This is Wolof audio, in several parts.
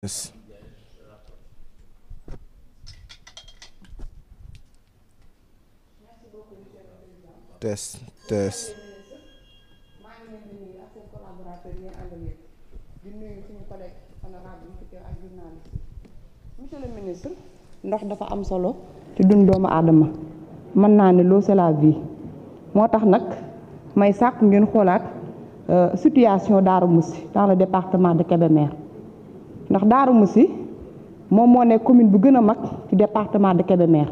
Yes. test test. ndox dafa am solo ci dund doomu aadama mën naa ni l'eau c'est vie moo tax nag may sàkk ngeen xoolaat euh, situation Darou Moussi dans le département de Kébémer. ndax Darou musi mom mo nekk commune bu gëna mag ci département de Kébémer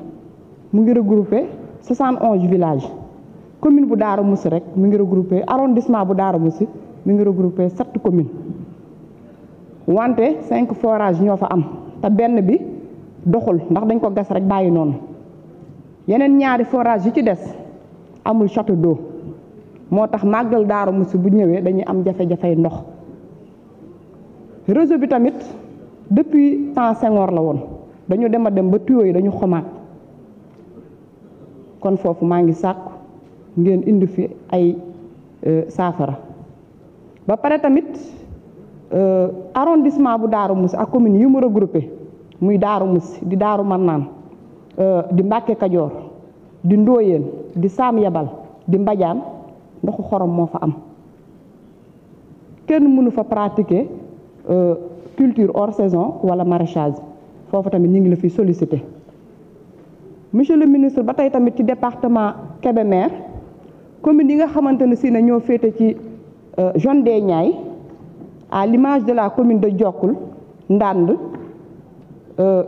mu ngi regrouper 71 villages commune bu Darou musi rek mu ngi regrouper arrondissement bu Darou musi mu ngi regrouper 7 communes wante 5 forages ñofa am ta benn bi doxul ndax dañ ko gas rek bayyi non yenen ñaari forage yu ci des amul château d'eau motax magal màggal musi bu ñëwé dañuy am jafé jafé ndox réseau bi tamit depuis temps Senghor la won dañu dem a dem ba tuyo yi dañu xomat kon fofu ma ngi sàkku ngeen indi fi ay euh, safara ba paré tamit euh, arrondissement bu daru mus ak commune yu mu regrouper muy daru mus di manan euh di Mbàkke kadior di ndoyen di sam Yabal di mbadian ndoxu xorom mo fa am kenn mënu fa pratiquer Euh, culture hors saison la maraîchage Fofu tamit la fi monsieur le ministre ba tay tamit ci département Kébémer commune yi nga euh, à l'image de la commune de Diokoul euh,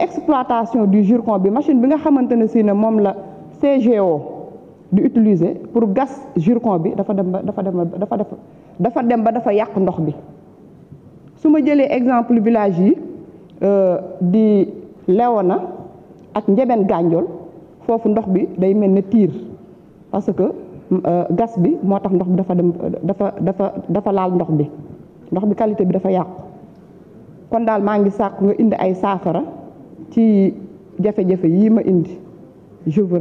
exploitation du jurcon bi machine bi nga la CGO di utiliser pour gas jurcon bi dafa dem ba dafa dem ba dafa def dafa dem ba dafa yàq ndox bi su ma jëlee exemple village yi euh, di na ak Njeben Gànjool foofu ndox bi day mel ne tiir parce que euh, gas bi moo tax ndox bi dafa dem dafa dafa dafa laal ndox bi ndox bi qualité bi dafa yàqu kon daal maa ngi sàkk nga indi ay saafara ci jafe-jafe yii ma indi je vous